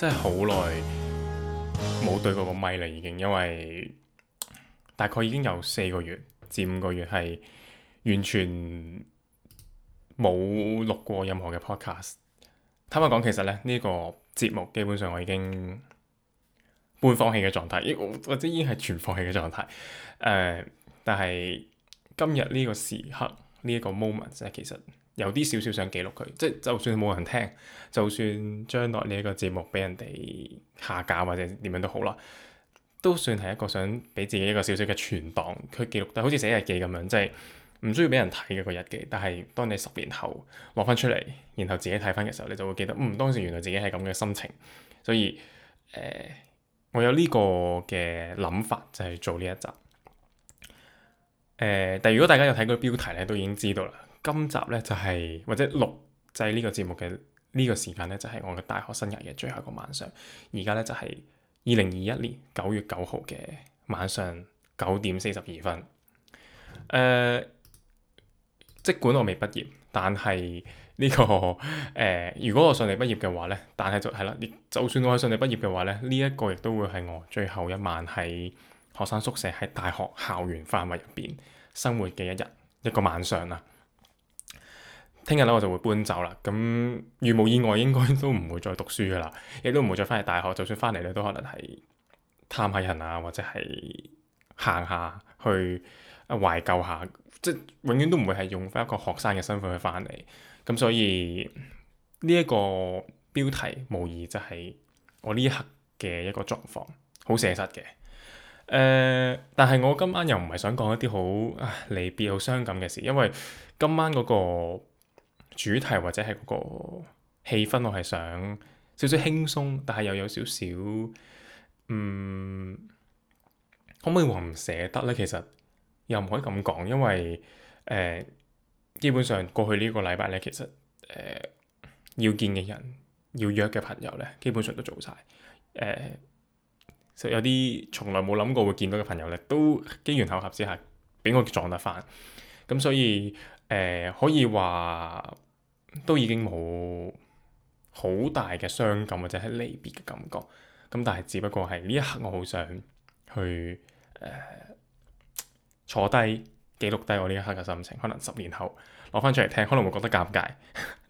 真係好耐冇對過個咪啦，已經因為大概已經有四個月至五個月係完全冇錄過任何嘅 podcast。坦白講，其實咧、呢、呢個節目基本上我已經半放棄嘅狀態，亦或者已經係全放棄嘅狀態。呃、但係今日呢個時刻、呢個、呢一個 moment 咧，其實有啲少少想記錄佢，即係就算冇人聽，就算將來呢一個節目俾人哋下架或者點樣都好啦，都算係一個想俾自己一個少少嘅存檔。佢記錄得好似寫日記咁樣，即係唔需要俾人睇嘅個日記。但係當你十年後攞翻出嚟，然後自己睇翻嘅時候，你就會記得，嗯，當時原來自己係咁嘅心情。所以誒、呃，我有呢個嘅諗法，就係、是、做呢一集。誒、呃，但係如果大家有睇嗰個標題咧，都已經知道啦。今集呢，就係、是、或者錄製呢、就是、個節目嘅呢個時間呢就係、是、我嘅大學生涯嘅最後一個晚上。而家呢，就係二零二一年九月九號嘅晚上九點四十二分。誒、呃，儘管我未畢業，但係呢、這個誒、呃，如果我順利畢業嘅話呢，但係就係、是、啦，就算我係順利畢業嘅話呢，呢、這、一個亦都會係我最後一晚喺學生宿舍喺大學校園範圍入邊生活嘅一日，一個晚上啊。聽日啦，我就會搬走啦。咁如無意外，應該都唔會再讀書噶啦，亦都唔會再翻嚟大學。就算翻嚟咧，都可能係探下人啊，或者係行下去啊，懷舊下。即係永遠都唔會係用翻一個學生嘅身份去翻嚟。咁所以呢一、這個標題無疑就係、是、我呢一刻嘅一個狀況，好寫實嘅。誒、呃，但係我今晚又唔係想講一啲好離別、好傷感嘅事，因為今晚嗰、那個。主題或者係嗰個氣氛我，我係想少少輕鬆，但係又有少少，嗯，可唔可以話唔捨得呢？其實又唔可以咁講，因為誒、呃，基本上過去呢個禮拜呢，其實誒、呃、要見嘅人，要約嘅朋友呢，基本上都做晒。誒、呃，其實有啲從來冇諗過會見到嘅朋友呢，都機緣巧合之下俾我撞得返，咁所以誒、呃、可以話。都已經冇好大嘅傷感或者係離別嘅感覺，咁但係只不過係呢一刻，我好想去、呃、坐低記錄低我呢一刻嘅心情。可能十年後攞翻出嚟聽，可能會覺得尷尬，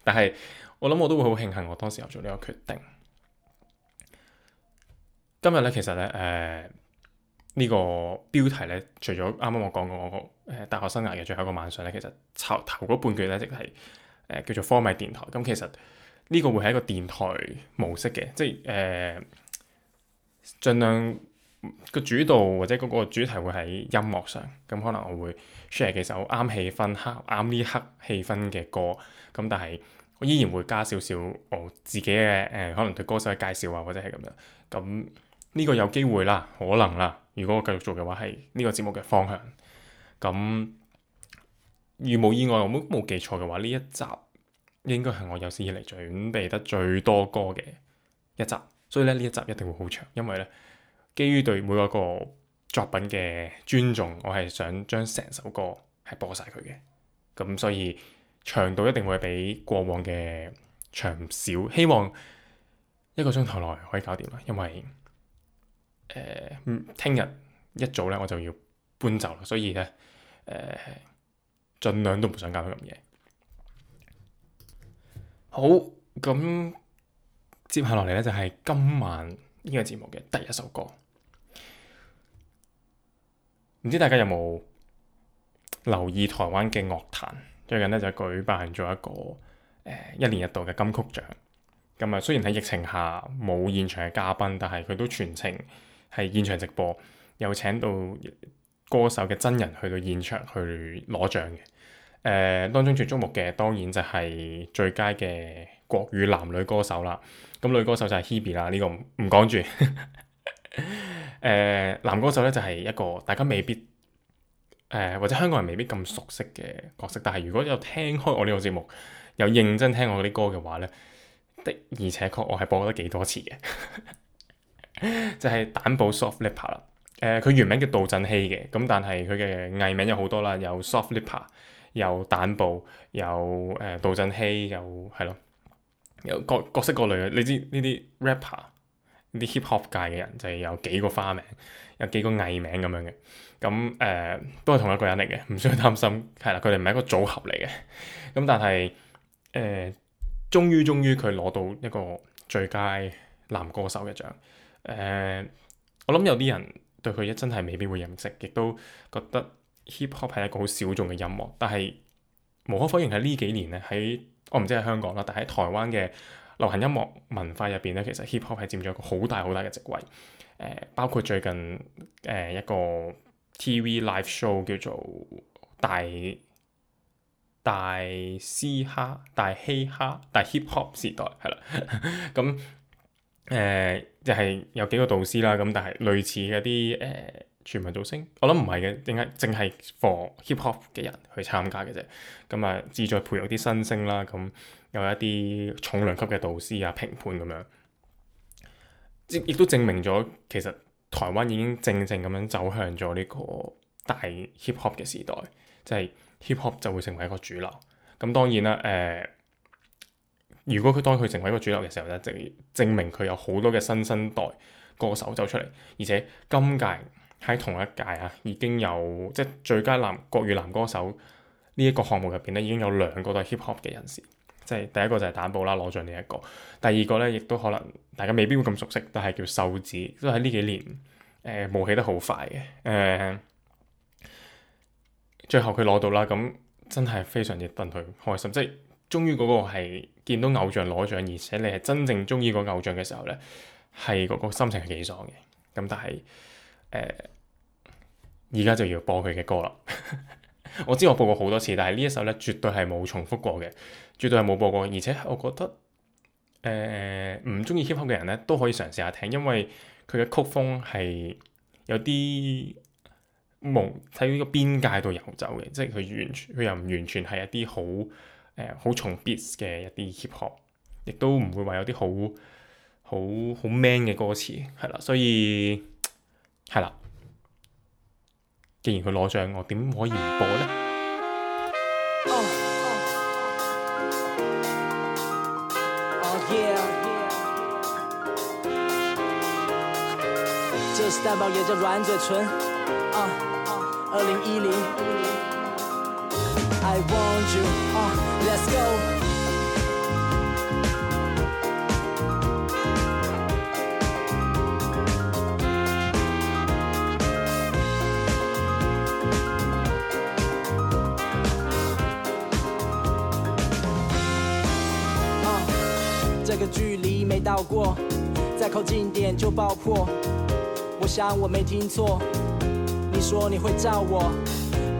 但係我諗我都會好慶幸我當時有做呢個決定。今日呢，其實呢，誒、呃、呢、呢個標題呢，除咗啱啱我講過我大學生涯嘅最後一個晚上呢，其實頭頭嗰半句呢，直係。誒叫做科米電台，咁其實呢個會係一個電台模式嘅，即係誒、呃、盡量個主導或者嗰個主題會喺音樂上，咁可能我會 share 幾首啱氣氛、啱呢刻氣氛嘅歌，咁但係我依然會加少少我自己嘅誒、呃，可能對歌手嘅介紹啊，或者係咁樣，咁呢個有機會啦，可能啦，如果我繼續做嘅話，係呢個節目嘅方向，咁。如冇意外，我冇冇記錯嘅話，呢一集應該係我有史以嚟準備得最多歌嘅一集，所以咧呢一集一定會好長，因為咧基於對每一個作品嘅尊重，我係想將成首歌係播晒佢嘅，咁所以長度一定會比過往嘅長唔少，希望一個鐘頭內可以搞掂啦，因為誒，聽、呃、日一早咧我就要搬走啦，所以咧誒。呃。盡量都唔想搞到咁嘢。好，咁接下落嚟呢，就係今晚呢個節目嘅第一首歌。唔知大家有冇留意台灣嘅樂壇，最近呢，就舉辦咗一個一年一度嘅金曲獎。咁啊，雖然喺疫情下冇現場嘅嘉賓，但係佢都全程係現場直播，又請到。歌手嘅真人去到現場去攞獎嘅，誒、呃、當中最注目嘅當然就係最佳嘅國語男女歌手啦。咁、嗯、女歌手就係 Hebe 啦，呢、這個唔唔講住。誒、 呃、男歌手呢就係、是、一個大家未必誒、呃、或者香港人未必咁熟悉嘅角色，但係如果有聽開我呢個節目，有認真聽我啲歌嘅話呢，的而且確我係播得幾多次嘅， 就係蛋堡 Soft Lipa。誒佢，呃、原名叫杜振熙嘅，咁但係佢嘅藝名有好多啦，有 Soft Lipa，有蛋堡，有誒，呃、杜振熙，有係咯，有各各式各類嘅，你知呢啲 rapper 呢啲 hip hop 界嘅人就係有幾個花名，有幾個藝名咁樣嘅，咁、嗯、誒，呃、都係同一個人嚟嘅，唔需要擔心，係啦，佢哋唔係一個組合嚟嘅，咁、嗯、但係誒終於終於佢攞到一個最佳男歌手嘅獎，誒、呃、我諗有啲人。對佢一真係未必會認識，亦都覺得 hip hop 係一個好小眾嘅音樂。但係無可否認喺呢幾年咧，喺我唔知喺香港啦，但喺台灣嘅流行音樂文化入邊咧，其實 hip hop 係佔咗一個好大好大嘅席位、呃。包括最近誒、呃、一個 TV live show 叫做大《大大嘻哈大嘻哈，大，嘻哈大 hip hop 時代》係啦，咁 誒、嗯。呃就係有幾個導師啦，咁但係類似嗰啲誒全民造星，我諗唔係嘅，點解淨係 for hip hop 嘅人去參加嘅啫？咁、嗯、啊，志在培育啲新星啦，咁、嗯、有一啲重量級嘅導師啊、評判咁樣，亦都證明咗其實台灣已經正正咁樣走向咗呢個大 hip hop 嘅時代，即、就、係、是、hip hop 就會成為一個主流。咁、嗯、當然啦，誒、呃。如果佢當佢成為一個主流嘅時候咧，即證明佢有好多嘅新生代歌手走出嚟。而且今屆喺同一屆啊，已經有即最佳男國語男歌手呢一個項目入邊咧，已經有兩個都係 hip hop 嘅人士，即係第一個就係蛋堡啦，攞獎，另一個，第二個咧，亦都可能大家未必會咁熟悉，但係叫瘦子都喺呢幾年誒冒起得好快嘅誒、呃，最後佢攞到啦，咁真係非常之戥佢開心，即係。終於嗰個係見到偶像攞獎，而且你係真正中意嗰個偶像嘅時候呢，係嗰個心情係幾爽嘅。咁但係誒，而、呃、家就要播佢嘅歌啦。 我知我播過好多次，但係呢一首呢，絕對係冇重複過嘅，絕對係冇播過。而且我覺得誒，唔、呃、中意 hip hop 嘅人呢，都可以嘗試下聽，因為佢嘅曲風係有啲冇喺呢個邊界度遊走嘅，即係佢完全佢又唔完全係一啲好。好重 beat 嘅一啲 hip hop 亦都唔會話有啲好好好 man 嘅歌詞，係啦，所以係啦，既然佢攞獎，我點可以唔播呢？Oh, oh. Oh, yeah. I want you oh Let's go。啊，這個距離沒到過，再靠近點就爆破。我想我沒聽錯，你說你會罩我。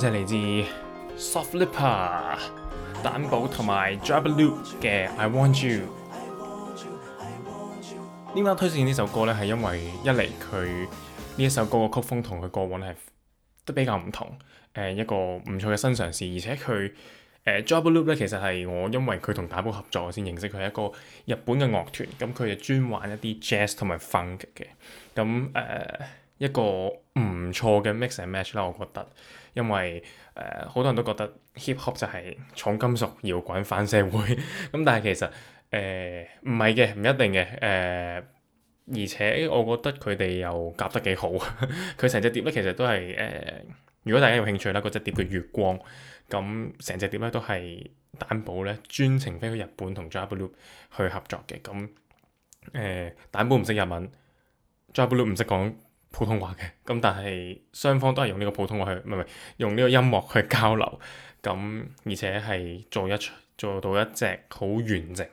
就係嚟自 Soft Lipper、蛋堡同埋 Jabberloop 嘅《I Want You》。點解推薦呢首歌咧？係因為一嚟佢呢一首歌嘅曲風同佢過往係都比較唔同，誒、呃、一個唔錯嘅新嘗試。而且佢誒 Jabberloop 咧，其實係我因為佢同蛋堡合作先認識佢，係一個日本嘅樂團。咁佢就專玩一啲 jazz 同埋 funk 嘅。咁誒。呃一個唔錯嘅 mix and match 啦，我覺得，因為誒好、呃、多人都覺得 hip hop 就係重金屬、搖滾、反社會，咁、 嗯、但係其實誒唔係嘅，唔、呃、一定嘅，誒、呃、而且我覺得佢哋又夾得幾好，佢成隻碟咧其實都係誒、呃，如果大家有興趣啦，嗰、那、隻、個、碟叫月光，咁成隻碟咧都係蛋堡咧專程飛去日本同 JABBERLOOP 去合作嘅，咁誒、呃、蛋堡唔識日文，JABBERLOOP 唔識講。普通話嘅咁，但係雙方都係用呢個普通話去，唔係唔係用呢個音樂去交流咁，而且係做一出做到一隻好完整，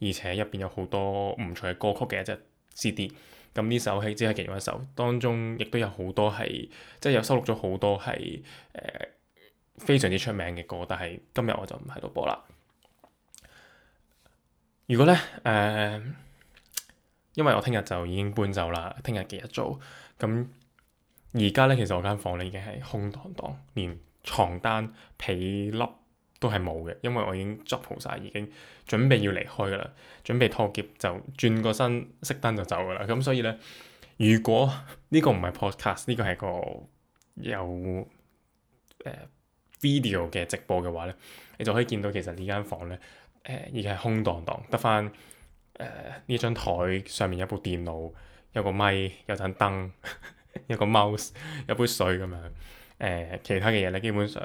而且入邊有好多唔錯嘅歌曲嘅一隻 CD。咁呢首係只係其中一首，當中亦都有好多係即係有收錄咗好多係誒、呃、非常之出名嘅歌，但係今日我就唔喺度播啦。如果呢，誒、呃，因為我聽日就已經搬走啦，聽日嘅一早。咁而家咧，其實我間房咧已經係空蕩蕩，連床單被笠都係冇嘅，因為我已經執好晒，已經準備要離開噶啦，準備拖劫就轉個身熄燈就走噶啦。咁、嗯、所以咧，如果呢個唔係 podcast，呢個係個有、uh, video 嘅直播嘅話咧，你就可以見到其實呢間房咧，誒而家係空蕩蕩，得翻誒呢張台上面有部電腦。有個咪，有盞燈， 有個 mouse，有杯水咁樣。誒、呃，其他嘅嘢咧，基本上、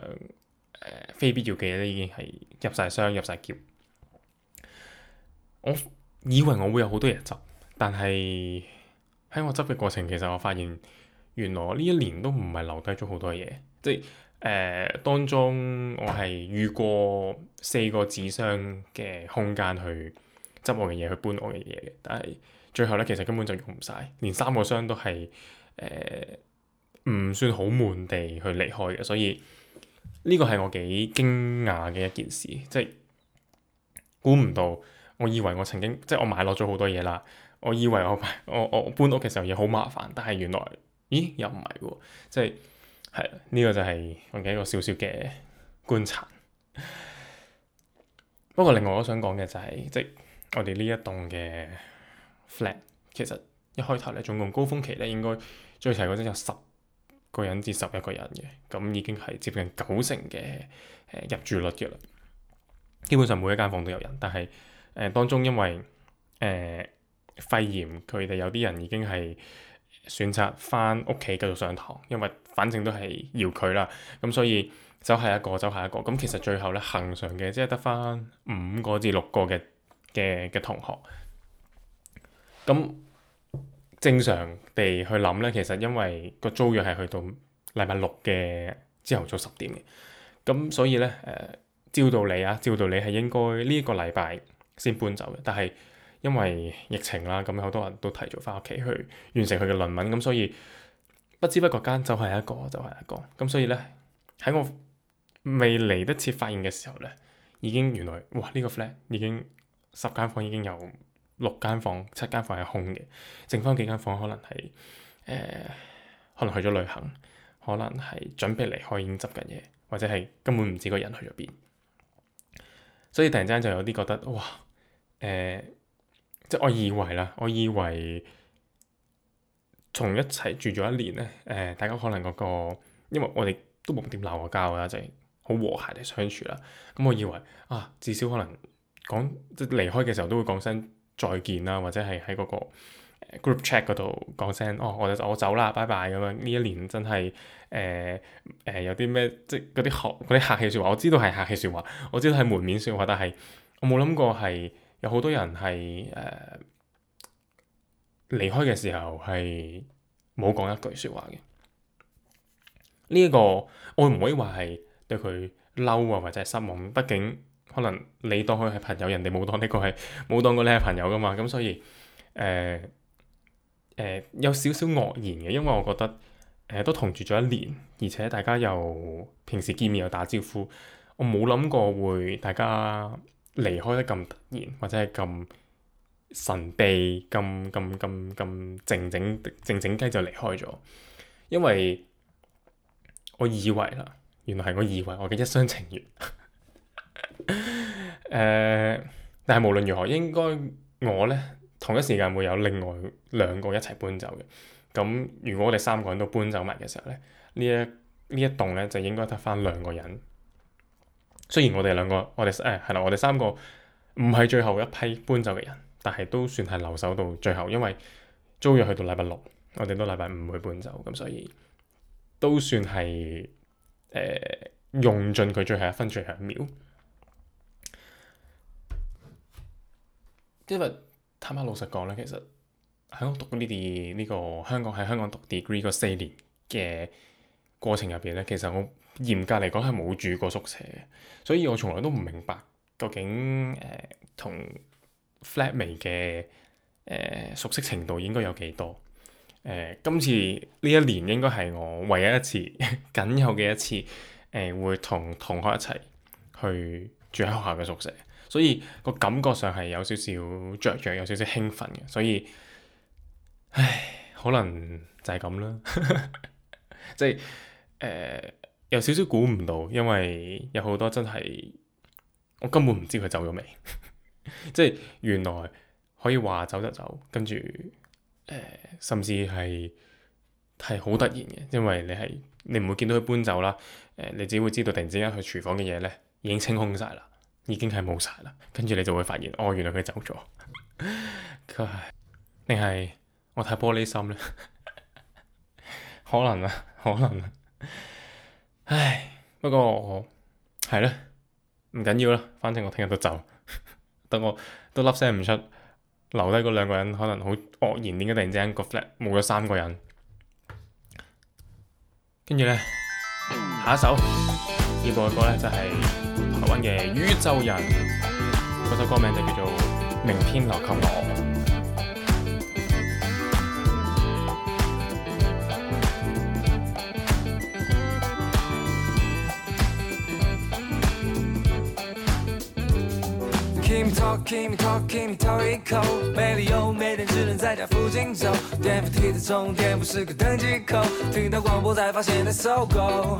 呃、非必要嘅嘢已經係入晒箱，入晒篋。我以為我會有好多嘢執，但係喺我執嘅過程，其實我發現原來我呢一年都唔係留低咗好多嘢。即係誒、呃、當中，我係預過四個紙箱嘅空間去執我嘅嘢，去搬我嘅嘢嘅，但係。最後咧，其實根本就用唔晒，連三個箱都係誒唔算好滿地去離開嘅，所以呢個係我幾驚訝嘅一件事，即係估唔到。我以為我曾經即係我買落咗好多嘢啦，我以為我買我我搬屋嘅時候嘢好麻煩，但係原來咦又唔係喎，即係係呢個就係我嘅一個小小嘅觀察。不過另外我想講嘅就係、係、即係我哋呢一棟嘅 flat 其實一開頭咧，總共高峰期咧應該最齊嗰陣有十個人至十一個人嘅，咁已經係接近九成嘅誒入住率嘅啦。基本上每一間房都有人，但係誒、呃、當中因為誒、呃、肺炎，佢哋有啲人已經係選擇翻屋企繼續上堂，因為反正都係遙距啦，咁所以走下一個走下一個，咁其實最後咧恆常嘅即係得翻五個至六個嘅嘅嘅同學。咁正常地去諗呢，其實因為個租約係去到禮拜六嘅朝頭早十點嘅，咁所以呢，誒、呃，照道理啊，照道理係應該呢個禮拜先搬走嘅。但係因為疫情啦，咁好多人都提早翻屋企去完成佢嘅論文，咁所以不知不覺間就係、是、一個，就係、是、一個。咁所以呢，喺我未嚟得切發現嘅時候呢，已經原來哇呢、這個 flat 已經十間房間已經有六間房、七間房係空嘅，剩翻幾間房可能係誒、呃，可能去咗旅行，可能係準備離開已經執緊嘢，或者係根本唔知個人去咗邊。所以突然間就有啲覺得，哇！誒、呃，即係我以為啦，我以為從一齊住咗一年咧，誒、呃，大家可能嗰、那個，因為我哋都冇點鬧過交㗎，就係、是、好和諧地相處啦。咁、嗯、我以為啊，至少可能講即係離開嘅時候都會講聲。再見啦，或者係喺嗰個 group chat 嗰度講聲哦，我我走啦，拜拜咁樣。呢一年真係誒誒有啲咩，即係嗰啲學啲客氣説話，我知道係客氣説話，我知道係門面説話，但係我冇諗過係有好多人係誒、呃、離開嘅時候係冇講一句説話嘅。呢、這、一個我會唔會話係對佢嬲啊，或者係失望？畢竟。可能你當佢係朋友，人哋冇當呢個係冇當過你係朋友噶嘛，咁所以誒誒、呃呃、有少少愕然嘅，因為我覺得誒、呃、都同住咗一年，而且大家又平時見面又打招呼，我冇諗過會大家離開得咁突然，或者係咁神秘、咁咁咁咁靜靜靜靜雞就離開咗，因為我以為啦，原來係我以為我嘅一廂情願。誒，uh, 但係無論如何，應該我咧同一時間會有另外兩個一齊搬走嘅。咁如果我哋三個人都搬走埋嘅時候咧，一一棟呢一呢一棟咧就應該得翻兩個人。雖然我哋兩個我哋誒係啦，我哋，哎，三個唔係最後一批搬走嘅人，但係都算係留守到最後，因為租約去到禮拜六，我哋都禮拜五會搬走，咁所以都算係誒、呃、用盡佢最後一分最後一秒。因為坦白老實講咧，其實喺我讀呢啲呢個香港喺香港讀 degree 嗰四年嘅過程入邊咧，其實我嚴格嚟講係冇住過宿舍嘅，所以我從來都唔明白究竟誒同、呃、flatmate 嘅誒、呃、熟悉程度應該有幾多？誒、呃、今次呢一年應該係我唯一一次、 僅有嘅一次誒、呃、會同同學一齊去住喺學校嘅宿舍。所以個感覺上係有少少着着，有少少興奮嘅。所以，唉，可能就係咁啦。 即係誒、呃，有少少估唔到，因為有好多真係我根本唔知佢走咗未。 即係原來可以話走就走，跟住誒，甚至係係好突然嘅，因為你係你唔會見到佢搬走啦。誒、呃，你只會知道突然之間佢廚房嘅嘢咧已經清空晒啦。已經係冇晒啦，跟住你就會發現，哦，原來佢走咗。佢係定係我太玻璃心咧？ 可能啊，可能啊。唉，不過我係咧，唔緊要啦。反正我聽日都走，等 我都粒聲唔出，留低嗰兩個人可能好愕然。點解突然之間個 flat 冇咗三個人？跟住呢，下一首要播嘅歌呢，就係，嘅宇宙人，嗰、那、首、個、歌名就叫做《明天留給我》。Talk, talk, 聽到廣播，再發現搜狗。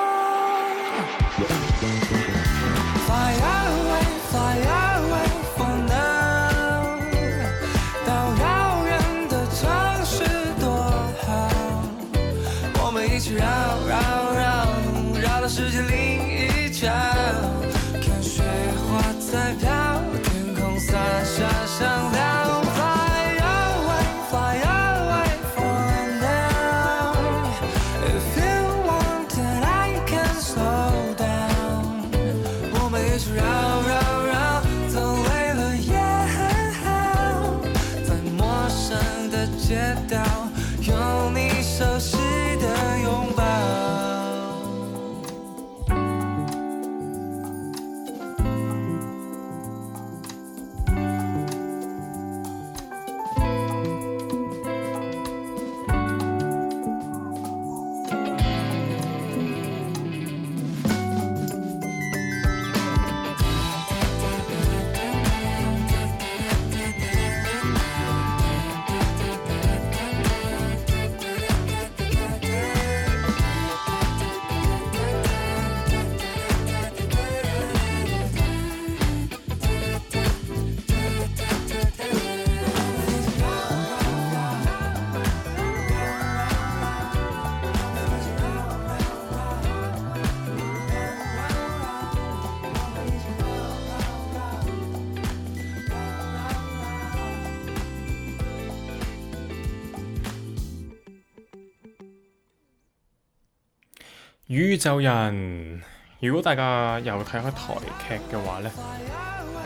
宇宙人，如果大家有睇開台劇嘅話呢，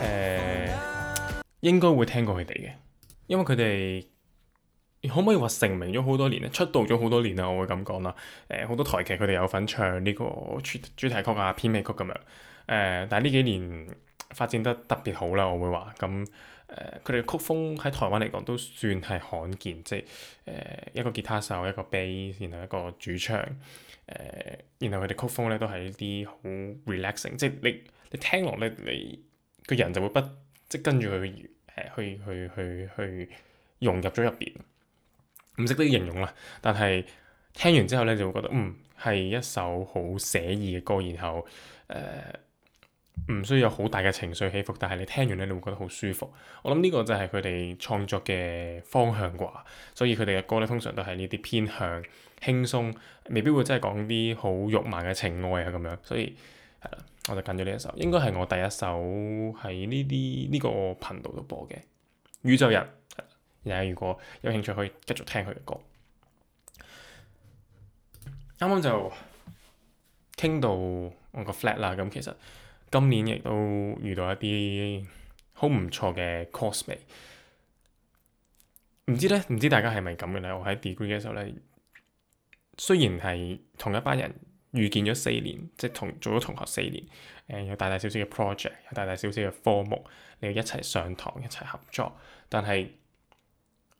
誒、呃、應該會聽過佢哋嘅，因為佢哋可唔可以話成名咗好多年咧，出道咗好多年啦，我會咁講啦。誒、呃，好多台劇佢哋有份唱呢個主主題曲啊、片尾曲咁樣。誒、呃，但係呢幾年發展得特別好啦，我會話咁。佢哋、呃、曲風喺台灣嚟講都算係罕見，即係、呃、一個吉他手、一個貝斯，然後一個主唱。誒、呃，然後佢哋曲風咧都係一啲好 relaxing，即係你你聽落咧，你個人就會不即跟住佢、呃、去去去去、去融入咗入邊，唔識得形容啦。但係聽完之後咧就會覺得嗯係一首好寫意嘅歌，然後誒唔、呃、需要有好大嘅情緒起伏，但係你聽完咧你會覺得好舒服。我諗呢個就係佢哋創作嘅方向啩，所以佢哋嘅歌咧通常都係呢啲偏向。輕鬆，未必會真係講啲好肉麻嘅情愛啊咁樣，所以係啦，我就揀咗呢一首，應該係我第一首喺呢啲呢個頻道度播嘅《宇宙人》，然後如果有興趣可以繼續聽佢嘅歌。啱啱就傾到我個 flat 啦，咁其實今年亦都遇到一啲好唔錯嘅 coursemate，唔知呢？唔知大家係咪咁嘅咧？我喺 degree 嘅時候呢。雖然係同一班人遇見咗四年，即係同做咗同學四年，誒、呃、有大大小小嘅 project，有大大小小嘅科目，你要一齊上堂，一齊合作，但係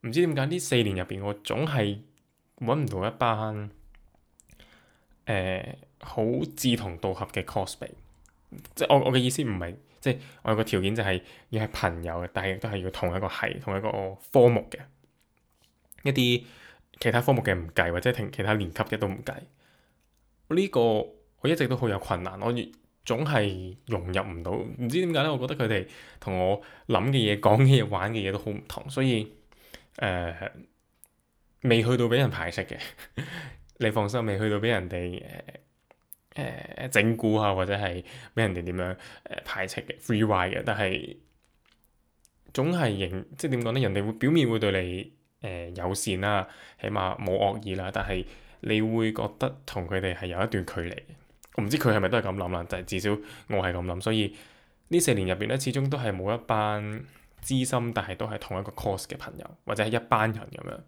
唔知點解呢四年入邊，我總係揾唔到一班誒好志同道合嘅 coursemate。即係我我嘅意思唔係即係我有個條件就係要係朋友，但係都係要同一個系同一個科目嘅一啲。其他科目嘅唔計，或者停其他年級嘅都唔計。呢、呢個我一直都好有困難，我越總係融入唔到，唔知點解咧？我覺得佢哋同我諗嘅嘢、講嘅嘢、玩嘅嘢都好唔同，所以誒未、呃、去到俾人排斥嘅， 你放心，未去到俾人哋誒誒整蠱啊，或者係俾人哋點樣誒排斥嘅 free ride 嘅，但係總係認，即係點講咧？人哋會表面會對你，誒、嗯、友善啦、啊，起碼冇惡意啦，但係你會覺得同佢哋係有一段距離。我唔知佢係咪都係咁諗啦，但、就、係、是、至少我係咁諗，所以呢四年入邊咧，始終都係冇一班知心，但係都係同一個 course 嘅朋友，或者係一班人咁樣。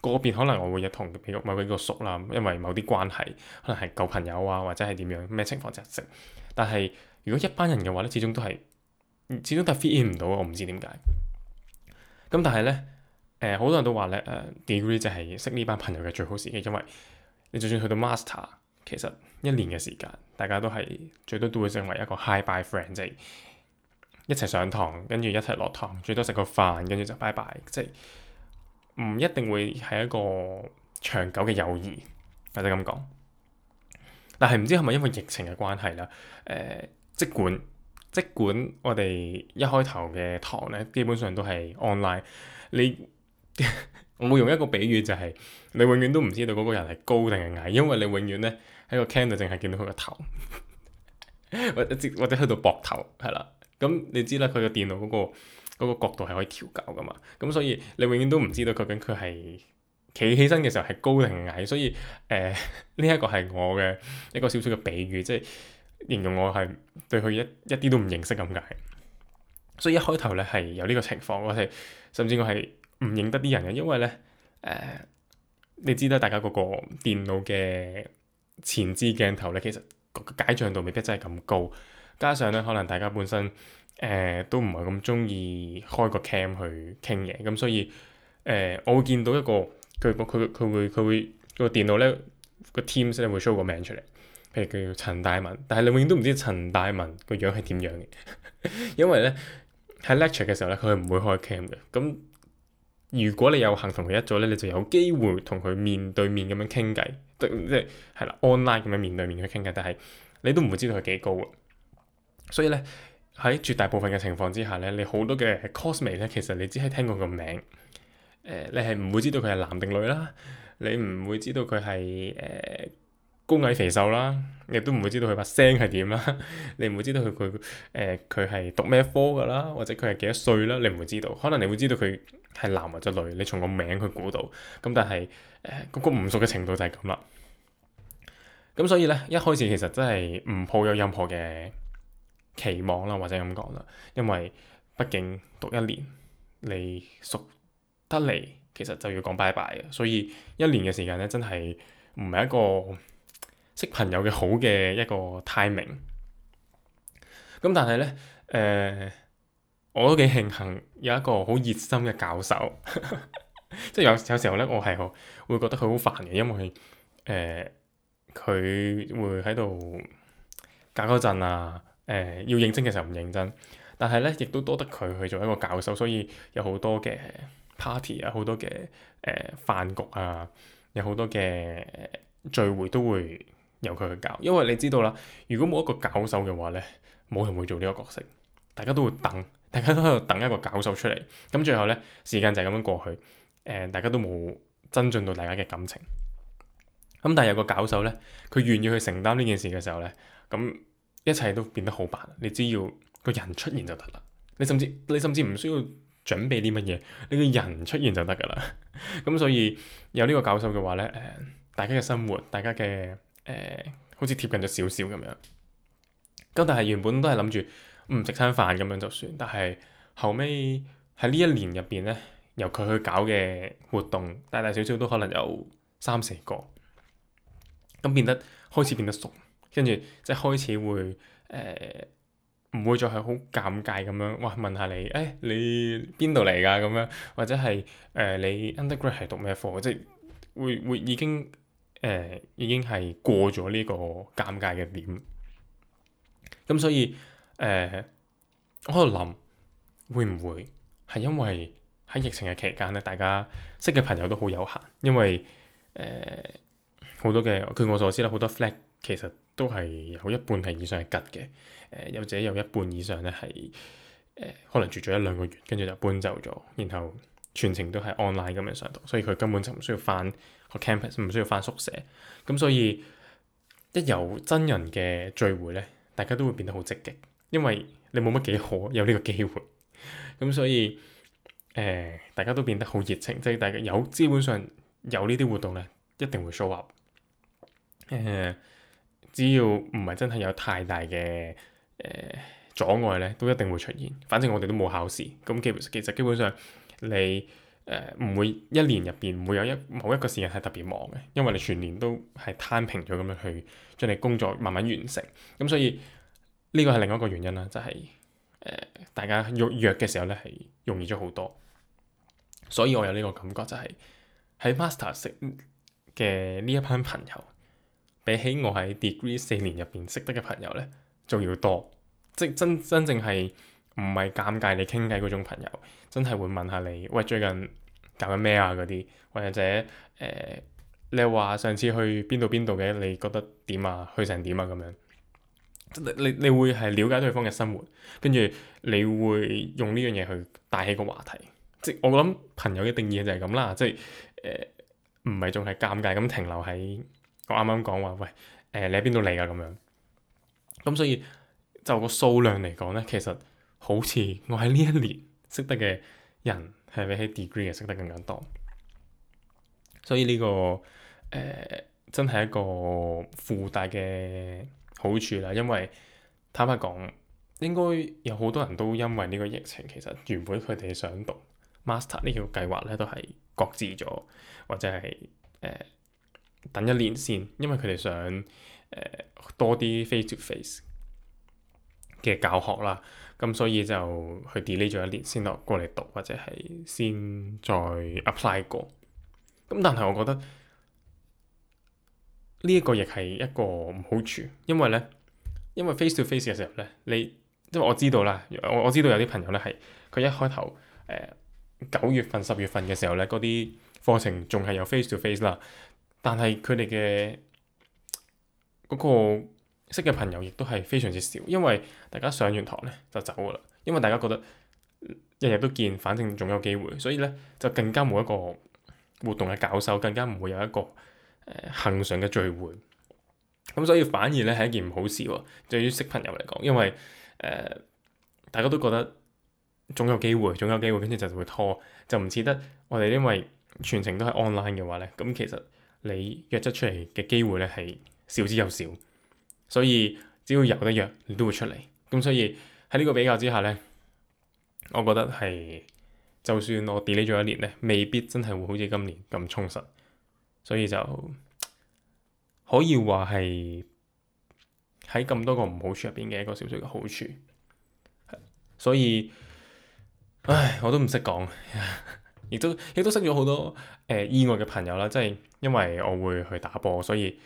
個別可能我會一同譬如某幾個熟啦，因為某啲關係，可能係舊朋友啊，或者係點樣咩情況就係。但係如果一班人嘅話咧，始終都係始終都 fit in 唔到，我唔知點解。咁但係咧。誒好、呃、多人都話咧，誒、呃、degree 就係識呢班朋友嘅最好時機，因為你就算去到 master，其實一年嘅時間，大家都係最多都會成為一個 hi bye friend，即係一齊上堂，跟住一齊落堂，最多食個飯，跟住就拜拜，bye, 即係唔一定會係一個長久嘅友誼，或者咁講。但係唔知係咪因為疫情嘅關係啦？誒、呃，即管即管我哋一開頭嘅堂咧，基本上都係 online，你。 我會用一個比喻，就是，就係你永遠都唔知道嗰個人係高定係矮，因為你永遠呢喺個 camera 淨係見到佢個頭，或 者或者去到膊頭係啦。咁、嗯、你知啦、那個，佢個電腦嗰個個角度係可以調教噶嘛。咁所以你永遠都唔知道究竟佢係企起身嘅時候係高定係矮。所以誒呢一個係我嘅一個小小嘅比喻，即、就、係、是、形容我係對佢一一啲都唔認識咁解。所以一開頭呢，係有呢個情況，我係甚至我係。唔認得啲人嘅，因為咧誒、呃，你知得大家嗰個電腦嘅前置鏡頭咧，其實個解像度未必真係咁高，加上咧可能大家本身誒、呃、都唔係咁中意開個 cam 去傾嘢，咁所以誒、呃，我會見到一個佢個佢佢會佢會個電腦咧個 teams 咧會 show 個名出嚟，譬如叫做陳大文，但係你永遠都唔知陳大文個樣係點樣嘅， 因為咧喺 lecture 嘅時候咧佢係唔會開 cam 嘅，咁。如果你有幸同佢一組咧，你就有機會同佢面對面咁樣傾偈，即係係啦 online 咁樣面對面去傾偈，但係你都唔會知道佢幾高啊。所以咧喺絕大部分嘅情況之下咧，你好多嘅 cosmic 咧，其實你只係聽過個名，呃，你係唔會知道佢係男定女啦，你唔會知道佢係誒高矮肥瘦啦，啦，你都唔會知道佢把聲係點啦，你唔會知道佢佢誒佢係讀咩科㗎啦，或者佢係幾多歲啦，你唔會知道。可能你會知道佢。係男或者女，你從個名去估到，咁但係誒嗰個唔熟嘅程度就係咁啦。咁所以呢，一開始其實真係唔抱有任何嘅期望啦，或者咁講啦，因為畢竟讀一年，你熟得嚟，其實就要講拜拜嘅。所以一年嘅時間呢，真係唔係一個識朋友嘅好嘅一個 timing。咁但係呢。誒、呃。我都幾慶幸有一個好熱心嘅教授， 即係有有時候咧，我係會覺得佢好煩嘅，因為誒佢、呃、會喺度搞嗰陣啊，誒、呃、要認真嘅時候唔認真，但係咧亦都多得佢去做一個教授，所以有好多嘅 party 啊，好多嘅誒、呃、飯局啊，有好多嘅聚會都會由佢去搞，因為你知道啦，如果冇一個教授嘅話咧，冇人會做呢個角色，大家都會等。大家都喺度等一個搞手出嚟，咁最後呢，時間就係咁樣過去，誒、呃、大家都冇增進到大家嘅感情。咁、嗯、但係有個搞手呢，佢願意去承擔呢件事嘅時候呢，咁、嗯、一切都變得好白，你只要個人出現就得啦。你甚至你甚至唔需要準備啲乜嘢，你個人出現就得噶啦。咁、 嗯、所以有呢個搞手嘅話呢，誒、呃、大家嘅生活，大家嘅誒、呃、好似貼近咗少少咁樣。咁但係原本都係諗住。唔食餐飯咁樣就算，但係後尾喺呢一年入邊咧，由佢去搞嘅活動，大大小小都可能有三四個，咁變得開始變得熟，跟住即係開始會誒唔、呃、會再係好尷尬咁樣。哇！問下你，誒、欸、你邊度嚟㗎？咁樣或者係誒、呃、你 undergraduate、er、係讀咩科？即係會會已經誒、呃、已經係過咗呢個尷尬嘅點。咁所以。誒，uh, 我喺度諗，會唔會係因為喺疫情嘅期間咧，大家識嘅朋友都好有限，因為誒好、uh, 多嘅據我所知咧，好多 flat 其實都係有一半係以上係吉嘅，誒、uh, 或者有一半以上咧係誒可能住咗一兩個月，跟住就搬走咗，然後全程都係 online 咁樣上堂，所以佢根本就唔需要返個 campus，唔需要返宿舍，咁所以一有真人嘅聚會咧，大家都會變得好積極。因為你冇乜幾可有呢個機會，咁所以誒、呃、大家都變得好熱情，即係大家有基本上有呢啲活動咧，一定會 show up。誒、呃，只要唔係真係有太大嘅誒、呃、阻礙咧，都一定會出現。反正我哋都冇考試，咁基本其實基本上你誒唔、呃、會一年入邊唔會有一某一個時間係特別忙嘅，因為你全年都係攤平咗咁樣去將你工作慢慢完成，咁所以。呢個係另外一個原因啦，就係、是、誒、呃、大家約約嘅時候咧，係容易咗好多，所以我有呢個感覺，就係、是、喺 master 識嘅呢一班朋友，比起我喺 degree 四年入邊識得嘅朋友咧，仲要多，即真真正係唔係尷尬你傾偈嗰種朋友，真係會問下你，喂，最近搞緊咩啊嗰啲，或者誒、呃、你話上次去邊度邊度嘅，你覺得點啊？去成點啊？咁樣。你你會係了解對方嘅生活，跟住你會用呢樣嘢去帶起個話題。即我諗朋友嘅定義就係咁啦，即係誒唔係仲係尷尬咁停留喺我啱啱講話，喂誒、呃、你喺邊度嚟㗎咁樣。咁所以就個數量嚟講咧，其實好似我喺呢一年識得嘅人係比起 degree 啊識得更加多。所以呢、呢個誒、呃、真係一個附帶嘅。好處啦，因為坦白講，應該有好多人都因為呢個疫情，其實原本佢哋想讀 Master 呢個計劃咧，都係擱置咗，或者係誒、呃、等一年先，因為佢哋想誒、呃、多啲 face to face 嘅教學啦。咁所以就去 delay 咗一年先落過嚟讀，或者係先再 apply 過。咁但係我覺得。呢一個亦係一個唔好處，因為呢，因為 face to face 嘅時候呢，你因為我知道啦，我，我知道有啲朋友呢係佢一開頭，誒、呃、九月份、十月份嘅時候呢，嗰啲課程仲係有 face to face 啦，但係佢哋嘅嗰個識嘅朋友亦都係非常之少，因為大家上完堂呢，就走噶啦，因為大家覺得日日都見，反正仲有機會，所以呢，就更加冇一個活動嘅教授，更加唔會有一個。誒行順嘅聚會，咁所以反而咧係一件唔好事喎。對於識朋友嚟講，因為誒、呃、大家都覺得總有機會，總有機會，跟住就就會拖，就唔似得我哋因為全程都係 online 嘅話咧，咁其實你約得出嚟嘅機會咧係少之又少，所以只要有得約，你都會出嚟。咁所以喺呢個比較之下咧，我覺得係就算我 delay 咗一年咧，未必真係會好似今年咁充實。所以就可以話係喺咁多個唔好處入邊嘅一個小小嘅好處。所以，唉，我都唔 識講，亦都亦都識咗好多誒意外嘅朋友啦。即係因為我會去打波，所以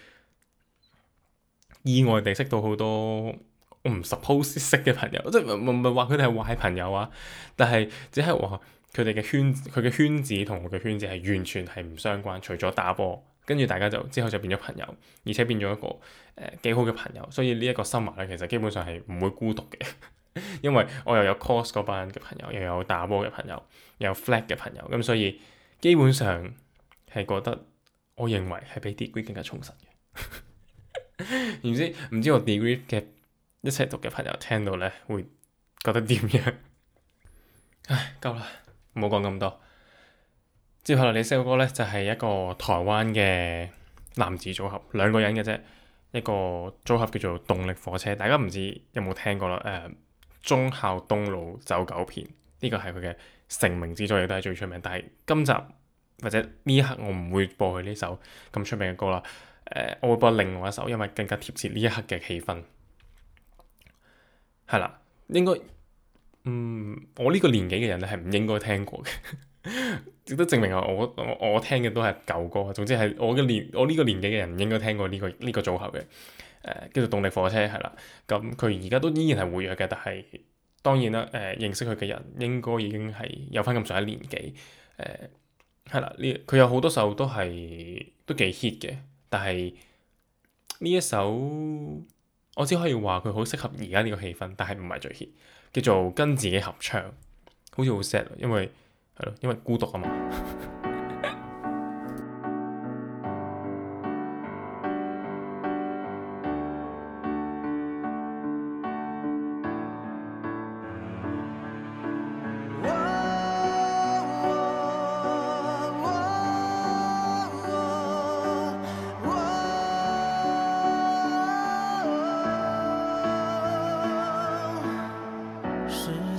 意外地識到好多我唔 suppose 識嘅朋友。即係唔唔唔係話佢哋係壞朋友啊，但係只係話。佢哋嘅圈佢嘅圈子同我嘅圈子係完全係唔相關，除咗打波，跟住大家就之後就變咗朋友，而且變咗一個誒幾、呃、好嘅朋友。所以呢一個 summer 咧，其實基本上係唔會孤獨嘅，因為我又有 course 嗰班嘅朋友，又有打波嘅朋友，又有 flat 嘅朋友。咁所以基本上係覺得，我認為係比 degree 更加充實嘅。唔 知唔知我 degree 嘅一齊讀嘅朋友聽到咧，會覺得點樣？唉，夠啦～冇講咁多。接下來你識嘅歌呢，就係、是、一個台灣嘅男子組合，兩個人嘅啫。一個組合叫做動力火車，大家唔知有冇聽過咯？誒、呃，忠孝東路走九遍，呢個係佢嘅成名之作，亦都係最出名。但係今集或者呢一刻，我唔會播佢呢首咁出名嘅歌啦、呃。我會播另外一首，因為更加貼切呢一刻嘅氣氛。係啦，應該。嗯，我呢個年紀嘅人咧，係唔應該聽過嘅，亦 都證明我我，我聽嘅都係舊歌，總之係我嘅年我呢個年紀嘅人唔應該聽過呢、這個呢、這個組合嘅、呃，叫做動力火車。係啦，咁佢而家都依然係活躍嘅，但係當然啦，誒、呃、認識佢嘅人應該已經係有翻咁上下年紀，誒係啦，呢佢有好多首都係都幾 hit 嘅，但係呢一首我只可以話佢好適合而家呢個氣氛，但係唔係最 hit。叫做跟自己合唱，好似好 sad，因為係咯，因為孤獨啊嘛。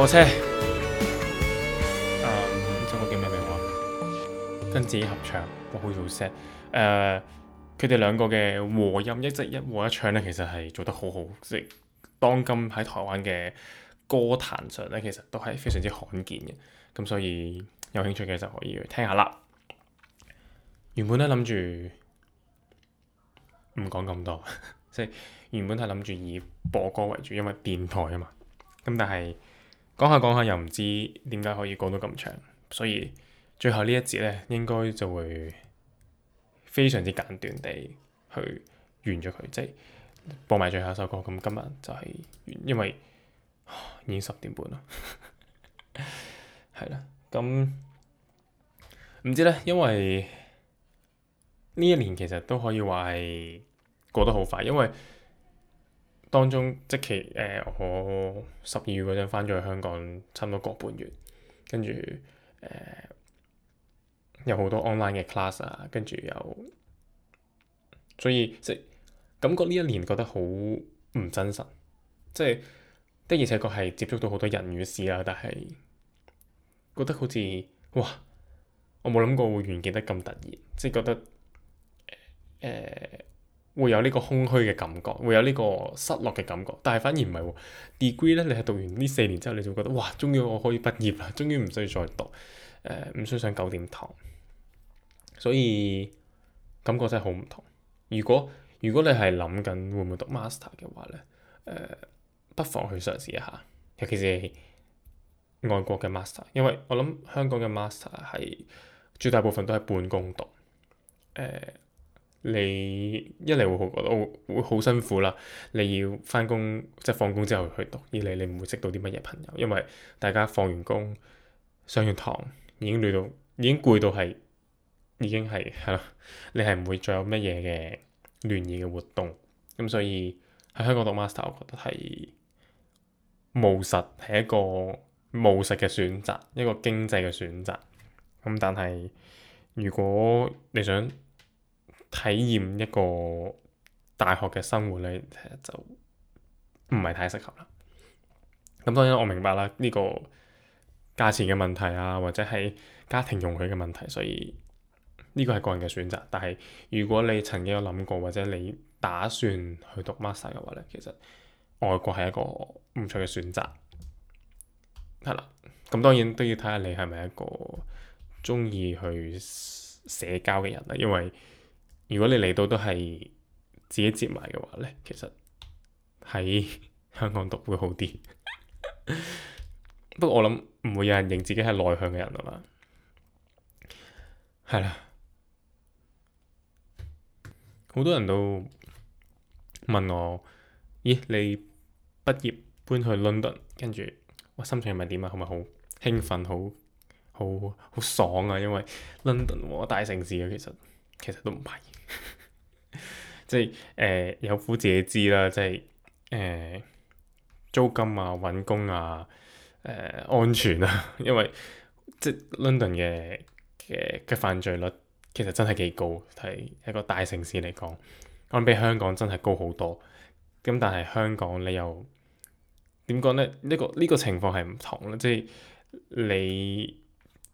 火車，誒、啊，唔知嗰個叫咩名話，跟自己合唱，我好熟悉。誒、呃，佢哋兩個嘅和音，一直一和一唱咧，其實係做得好好，即係當今喺台灣嘅歌壇上咧，其實都係非常之罕見嘅。咁所以有興趣嘅就可以聽下啦。原本咧諗住唔講咁多， 即係原本係諗住以播歌為主，因為電台啊嘛。咁但係。講下講下又唔知點解可以過到咁長，所以最後呢一節咧，應該就會非常之簡短地去完咗佢，即係播埋最後一首歌。咁今日就係完，因為已經十點半啦，係啦。咁唔知咧，因為 呢一年其實都可以話係過得好快，因為。當中即期，誒、呃，我十二月嗰陣翻咗去香港，差唔多個半月，跟住誒有好多 online 嘅 class 啊，跟住又所以即係感覺呢一年覺得好唔真實，即係的而且確係接觸到好多人與事啦，但係覺得好似哇，我冇諗過會完結得咁突然，即係覺得誒。呃會有呢個空虛嘅感覺，會有呢個失落嘅感覺，但係反而唔係喎。degree 咧，你係讀完呢四年之後，你就會覺得哇，終於我可以畢業啦，終於唔需要再讀，誒、呃，唔需上九點堂，所以感覺真係好唔同。如果如果你係諗緊會唔會讀 master 嘅話咧，誒、呃，不妨去嘗試一下，尤其是外國嘅 master，因為我諗香港嘅 master 係絕大部分都係半工讀，誒、呃。你一嚟會覺得會好辛苦啦，你要返工即係放工之後去讀；二嚟你唔會識到啲乜嘢朋友，因為大家放完工上完堂已經累到已經攰到係已經係係咯，你係唔會再有乜嘢嘅聯誼嘅活動。咁所以喺香港讀 master，我覺得係務實，係一個務實嘅選擇，一個經濟嘅選擇。咁但係如果你想，體驗一個大學嘅生活咧，其實就唔係太適合啦。咁當然我明白啦，呢個價錢嘅問題啊，或者係家庭容許嘅問題，所以呢個係個人嘅選擇。但係如果你曾經有諗過，或者你打算去讀 master 嘅話咧，其實外國係一個唔錯嘅選擇。係啦，咁當然都要睇下你係咪一個中意去社交嘅人啦，因為。如果你嚟到都係自己接埋嘅話咧，其實喺香港讀會好啲。 不過我諗唔會有人認自己係內向嘅人啊嘛。係 啦，好多人都問我：咦，你畢業搬去倫敦，跟住哇心情係咪點啊？係咪好興奮、好好好爽啊？因為倫敦我大城市啊，其實。其實都唔係， 即係誒有苦自己知啦，即係誒、呃、租金啊、揾工啊、誒、呃、安全啊，因為即係 London 嘅嘅嘅犯罪率其實真係幾高，係一個大城市嚟講，可能比香港真係高好多。咁但係香港你又點講咧？呢個呢個情況係唔同啦，即係你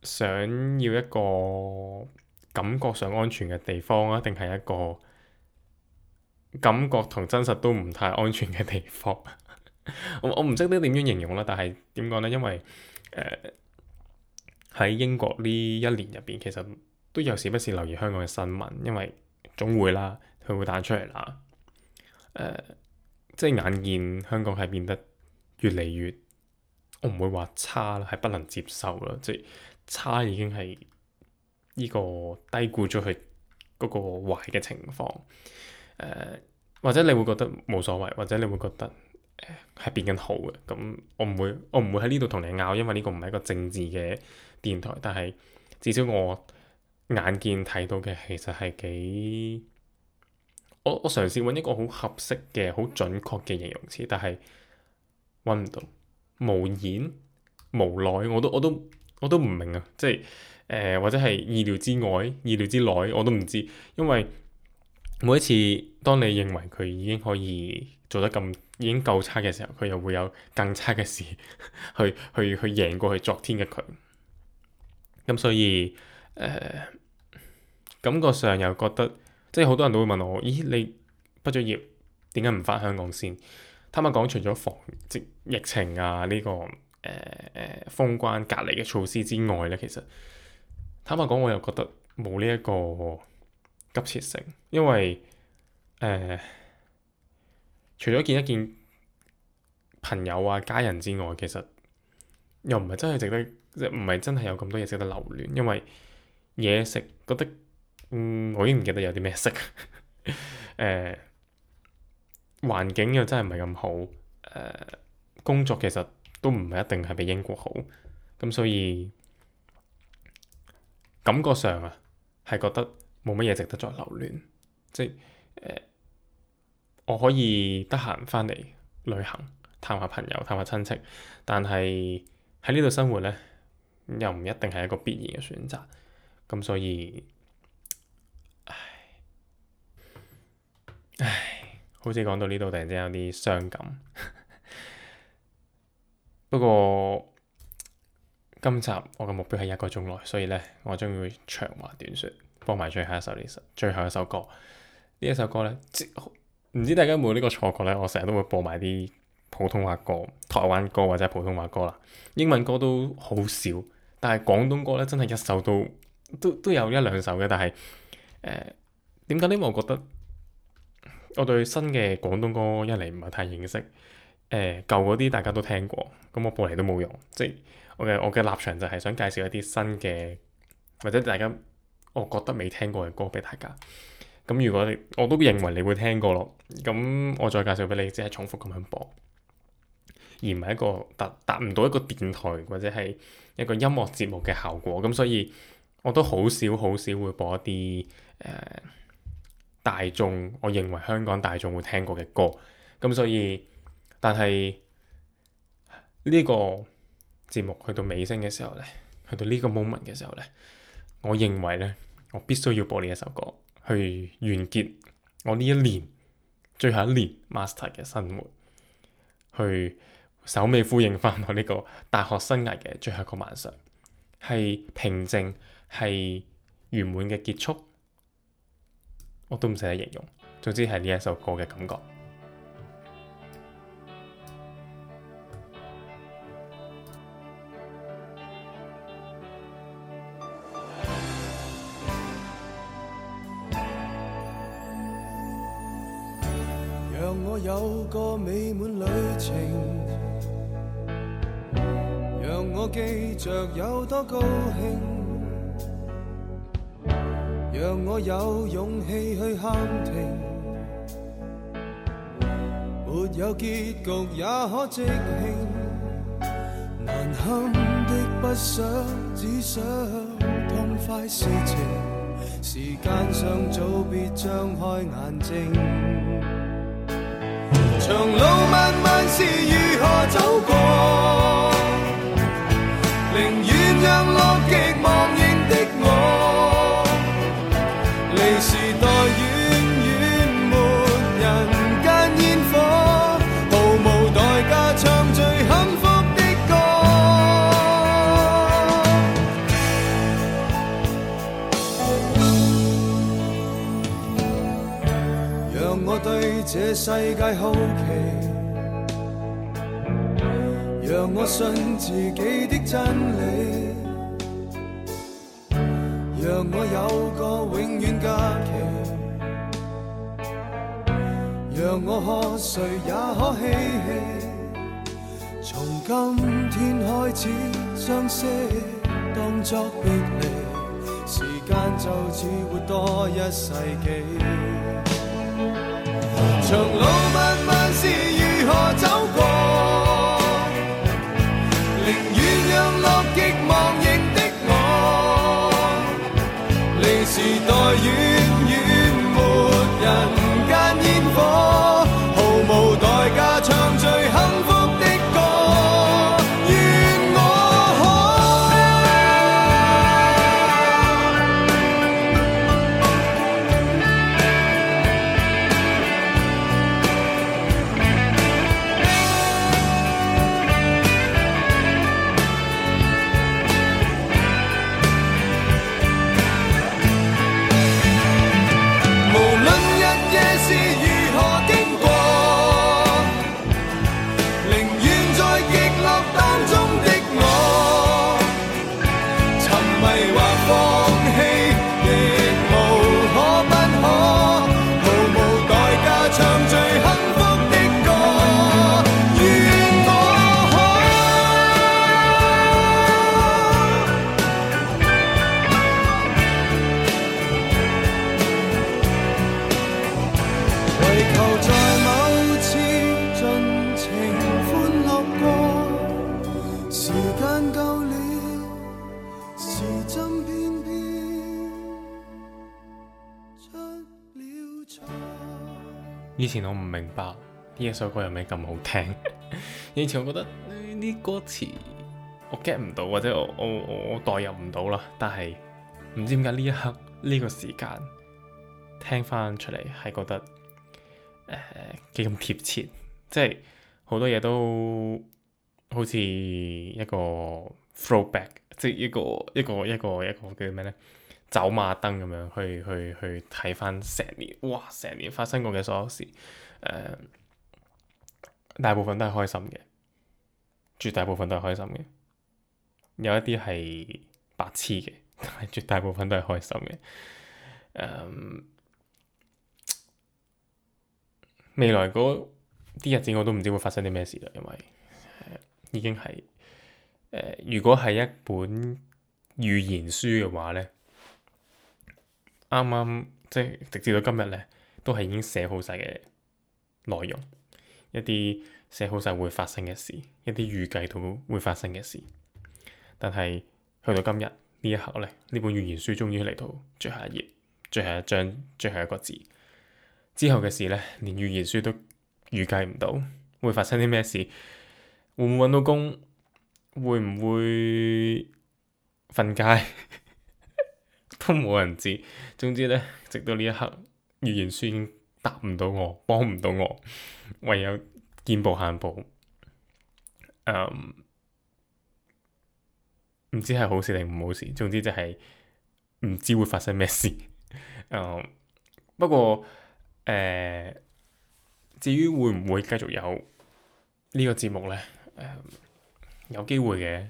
想要一個。感覺上安全嘅地方啊，定係一個感覺同真實都唔太安全嘅地方。 我唔識得點樣形容啦，但係點講呢？因為呃，喺英國呢一年入邊，其實都有時不時留意香港嘅新聞，因為總會啦，佢會彈出嚟啦。誒，即係眼見香港係變得越嚟越，我唔會話差啦，係不能接受啦，即係差已經係。呢個低估咗佢嗰個壞嘅情況，誒或者你會覺得冇所謂，或者你會覺得誒係、呃、變緊好嘅。咁、嗯、我唔會我唔會喺呢度同你拗，因為呢個唔係一個政治嘅電台。但係至少我眼見睇到嘅其實係幾，我我嘗試揾一個好合適嘅、好準確嘅形容詞，但係揾唔到，無言無奈，我都我都我都唔明啊！即係。誒、呃、或者係意料之外，意料之內我都唔知，因為每一次當你認為佢已經可以做得咁已經夠差嘅時候，佢又會有更差嘅事 去去去贏過去昨天嘅佢。咁所以誒、呃、感覺上又覺得即係好多人都會問我：咦，你畢咗業點解唔翻香港先？坦白講，除咗防疫疫情啊呢、這個誒誒、呃、封關隔離嘅措施之外咧，其實～坦白講，我又覺得冇呢一個急切性，因為誒、呃、除咗見一見朋友啊、家人之外，其實又唔係真係值得，即係唔係真係有咁多嘢值得留戀。因為嘢食覺得，嗯，我已經唔記得有啲咩食。誒，環境又真係唔係咁好。誒、呃，工作其實都唔係一定係比英國好咁，所以。感覺上啊，係覺得冇乜嘢值得再留戀，即、呃、我可以得閒翻嚟旅行、探下朋友、探下親戚，但係喺呢度生活咧又唔一定係一個必然嘅選擇，咁所以，唉，唉，好似講到呢度突然之間有啲傷感， 不過。今集我嘅目標係一個鐘內，所以呢，我將會長話短説，播埋最後一首呢首最後一首歌。呢一首歌呢，唔知大家有冇呢個錯覺呢？我成日都會播埋啲普通話歌、台灣歌或者普通話歌啦，英文歌都好少，但係廣東歌呢，真係一首都都都，都有一兩首嘅。但係誒點解？呃、呢？因為我覺得我對新嘅廣東歌一嚟唔係太認識。誒、欸、舊嗰啲大家都聽過，咁我播嚟都冇用。即係我嘅我嘅立場就係想介紹一啲新嘅，或者大家我覺得未聽過嘅歌俾大家。咁如果你我都認為你會聽過咯，咁我再介紹俾你，即係重複咁樣播，而唔係一個達達唔到一個電台或者係一個音樂節目嘅效果。咁所以我都好少好少會播一啲誒、呃、大眾，我認為香港大眾會聽過嘅歌。咁所以。但係呢個節目去到尾聲嘅時候呢，去到呢個 moment 嘅時候呢，我認為呢，我必須要播呢一首歌去完結我呢一年最後一年 master 嘅生活，去首尾呼應翻我呢個大學生涯嘅最後一個晚上，係平靜，係圓滿嘅結束，我都唔識得形容。總之係呢一首歌嘅感覺。這有多高興，讓我有勇氣去喊停。沒有結局也可即興，難堪的不想，只想痛快事情。時間尚早，別張開眼睛。長路漫漫是如何走過？這世界好奇，讓我信自己的真理，讓我有個永遠假期，讓我喝誰也可嬉戲。從今天開始相識，當作別離，時間就似活多一世紀。長路漫漫是如何走過，寧願讓樂極忘形。呢首歌有咩咁好聽， 以前我覺得啲、呃、歌詞我 get 唔到，或者我我我代入唔到啦。但係唔知點解呢一刻呢、這個時間聽翻出嚟係覺得誒幾咁貼切，即係好多嘢都好似一個 throwback 即係一個一個一個一個叫咩咧？走馬燈咁樣去去去睇翻成年哇！成年發生過嘅所有事誒。呃大部分都係開心嘅，絕大部分都係開心嘅。有一啲係白痴嘅，但係絕大部分都係開心嘅。誒、嗯，未來嗰啲日子我都唔知會發生啲咩事啦，因為、呃、已經係誒、呃，如果係一本預言書嘅話咧，啱啱即係直至到今日咧，都係已經寫好晒嘅內容。一啲寫好晒會發生嘅事，一啲預計到會發生嘅事，但係去到今日呢一刻咧，呢本預言書終於嚟到最後一頁、最後一章、最後一個字。之後嘅事咧，連預言書都預計唔到會發生啲咩事，會唔會揾到工，會唔會瞓街， 都冇人知。總之咧，直到呢一刻，預言書。答唔到我，幫唔到我，唯有見步行步。Um, 唔知係好事定唔好事。總之就係唔知會發生咩事。Um, 不過誒，uh, 至於會唔會繼續有呢個節目呢？Um, 有機會嘅。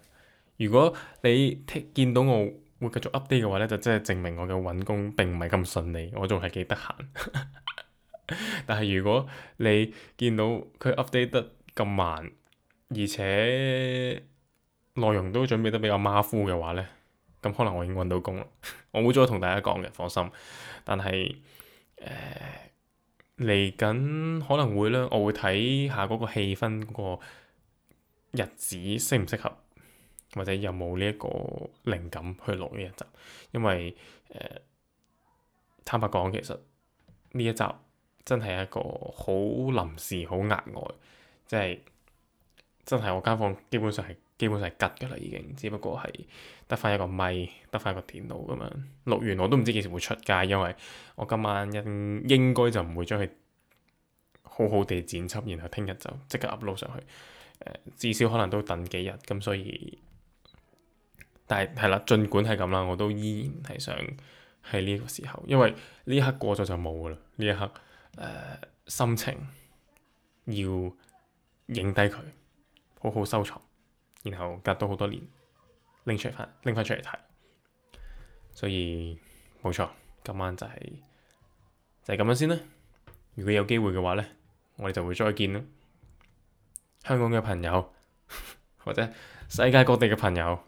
如果你聽見到我會繼續 update 嘅話咧，就真係證明我嘅揾工並唔係咁順利，我仲係幾得閒。 但係，如果你見到佢 update 得咁慢，而且內容都準備得比較馬虎嘅話咧，咁可能我已經揾到工啦。 我冇再同大家講嘅，放心。但係嚟緊可能會咧，我會睇下嗰個氣氛嗰個日子適唔適合，或者有冇呢一個靈感去錄呢一集，因為誒、呃，坦白講，其實呢一集。真係一個好臨時、好額外，即係真係我間房基本上係基本上係吉㗎啦，已經。只不過係得翻一個咪，得翻一個電腦咁樣錄完，我都唔知幾時會出街，因為我今晚應應該就唔會將佢好好地剪輯，然後聽日就即刻 upload 上去、呃。至少可能都等幾日咁，所以但係係啦，儘管係咁啦，我都依然係想喺呢個時候，因為呢一刻過咗就冇㗎啦。呢一刻。Uh，心情要影低佢，好好收藏，然後隔多好多年拎出翻拎翻出嚟睇。所以冇錯，今晚就係、就係咁樣先啦。如果有機會嘅話呢，我哋就會再見啦。香港嘅朋友 或者世界各地嘅朋友，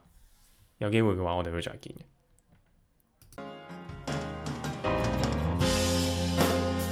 有機會嘅話，我哋會再見。